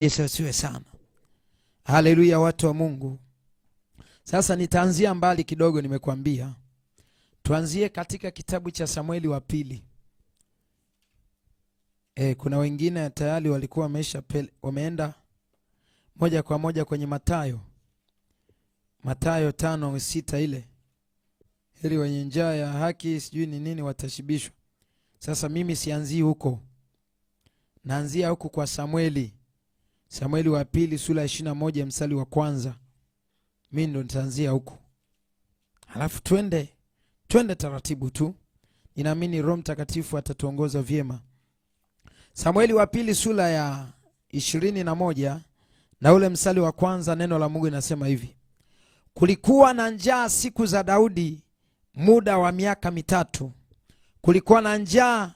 Yesu asiwe sana. Haleluya, watu wa Mungu. Sasa nitaanzia mbali kidogo, nimekuambia tuanzie katika kitabu cha Samueli wa pili. E, kuna wengine tayari walikuwa wameisha wameenda moja kwa moja kwenye matayo matayo tano sita ile, heri wenye njaa ya haki sijui ni nini watashibishwa. Sasa mimi sianzii huko, naanzia huku kwa Samueli Samueli wa pili sura ya ishirini moja mstari wa kwanza. Mi ndo nitaanzia huku alafu twende twende taratibu tu, ninaamini Roho Mtakatifu atatuongoza vyema. Samueli wa pili sura ya ishirini na moja na ule mstari wa kwanza, neno la Mungu linasema hivi: kulikuwa na njaa siku za Daudi muda wa miaka mitatu. Kulikuwa na njaa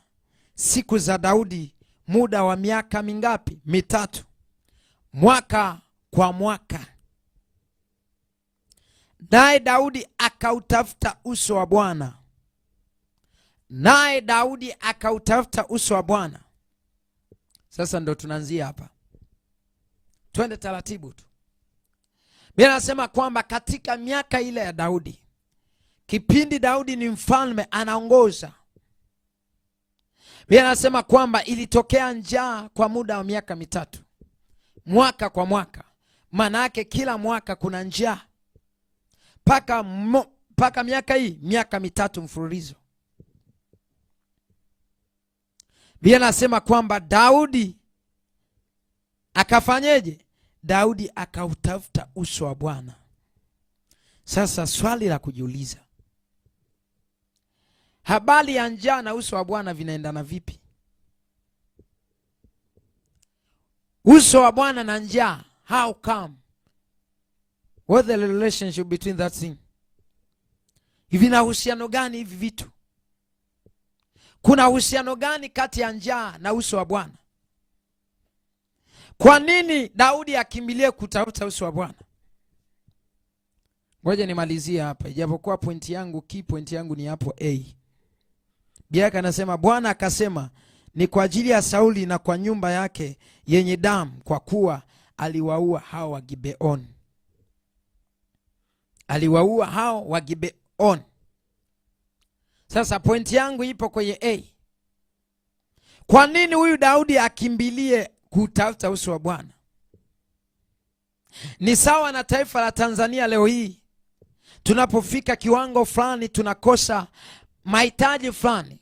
siku za Daudi muda wa miaka mingapi? Mitatu mwaka kwa mwaka. Naye Daudi akautafuta uso wa Bwana, naye Daudi akautafuta uso wa Bwana. Sasa ndo tunaanzia hapa, twende taratibu tu. Biblia anasema kwamba katika miaka ile ya Daudi, kipindi Daudi ni mfalme anaongoza, Biblia anasema kwamba ilitokea njaa kwa muda wa miaka mitatu mwaka kwa mwaka. Maana yake kila mwaka kuna njaa mpaka mpaka miaka hii, miaka mitatu mfululizo. Biblia nasema kwamba Daudi akafanyeje? Daudi akautafuta uso wa Bwana. Sasa swali la kujiuliza, habari ya njaa na uso wa Bwana vinaendana vipi? uso wa Bwana na njaa. How come? What the relationship between that thing? na uhusiano gani hivi vitu? Kuna uhusiano gani kati ya njaa na uso wa Bwana? Kwa nini Daudi akimbilie kutafuta uso wa Bwana? Ngoja nimalizie hapa, ijapokuwa pointi yangu ki pointi yangu ni hapo a. Hey. Biaka anasema Bwana akasema ni kwa ajili ya Sauli na kwa nyumba yake yenye damu, kwa kuwa aliwaua hao wa gibeon Aliwaua hao wa Gibeon. Sasa pointi yangu ipo kwenye A. kwa nini huyu Daudi akimbilie kutafuta uso wa Bwana? Ni sawa na taifa la Tanzania leo hii, tunapofika kiwango fulani tunakosa mahitaji fulani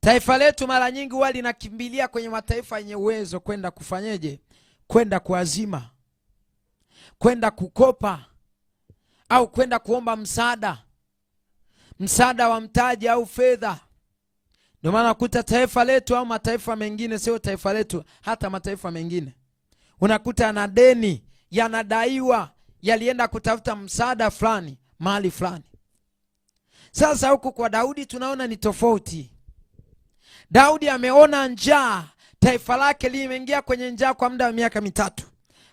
Taifa letu mara nyingi huwa linakimbilia kwenye mataifa yenye uwezo kwenda kufanyeje? Kwenda kuazima, kwenda kukopa au kwenda kuomba msaada, msaada wa mtaji au fedha. Ndio maana kuta taifa letu au mataifa mengine, sio taifa letu, hata mataifa mengine unakuta yana deni, yanadaiwa, yalienda kutafuta msaada fulani mahali fulani. Sasa huku kwa Daudi tunaona ni tofauti. Daudi ameona njaa, taifa lake limeingia kwenye njaa kwa muda wa miaka mitatu.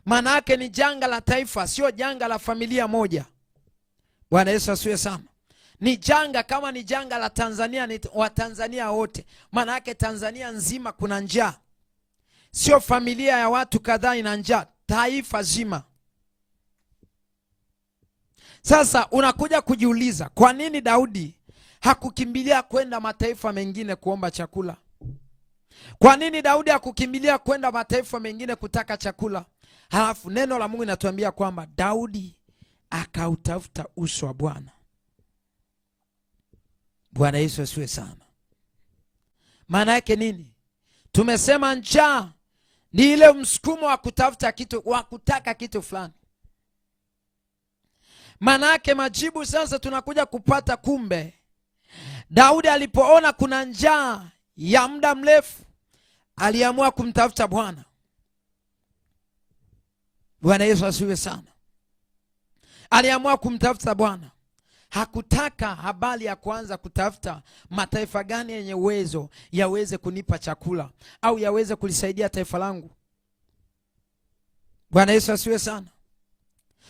Maana yake ni janga la taifa, sio janga la familia moja. Bwana Yesu asiwe sana. Ni janga kama ni janga la Tanzania, ni Watanzania wote. Maana yake Tanzania nzima kuna njaa, sio familia ya watu kadhaa ina njaa, taifa zima. Sasa unakuja kujiuliza kwa nini Daudi hakukimbilia kwenda mataifa mengine kuomba chakula? Kwa nini Daudi hakukimbilia kwenda mataifa mengine kutaka chakula? Halafu neno la Mungu linatuambia kwamba Daudi akautafuta uso wa Bwana. Bwana Yesu asiwe sana. Maana yake nini? Tumesema njaa ni ile msukumo wa kutafuta kitu, wa kutaka kitu fulani. Maana yake majibu sasa tunakuja kupata, kumbe Daudi alipoona kuna njaa ya muda mrefu, aliamua kumtafuta Bwana. Bwana Yesu asiwe sana, aliamua kumtafuta Bwana. Hakutaka habari ya kuanza kutafuta mataifa gani yenye uwezo yaweze kunipa chakula au yaweze kulisaidia taifa langu. Bwana Yesu asiwe sana.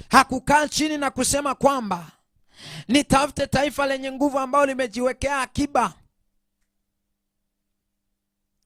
Hakukaa chini na kusema kwamba Nitafute taifa lenye nguvu ambalo limejiwekea akiba.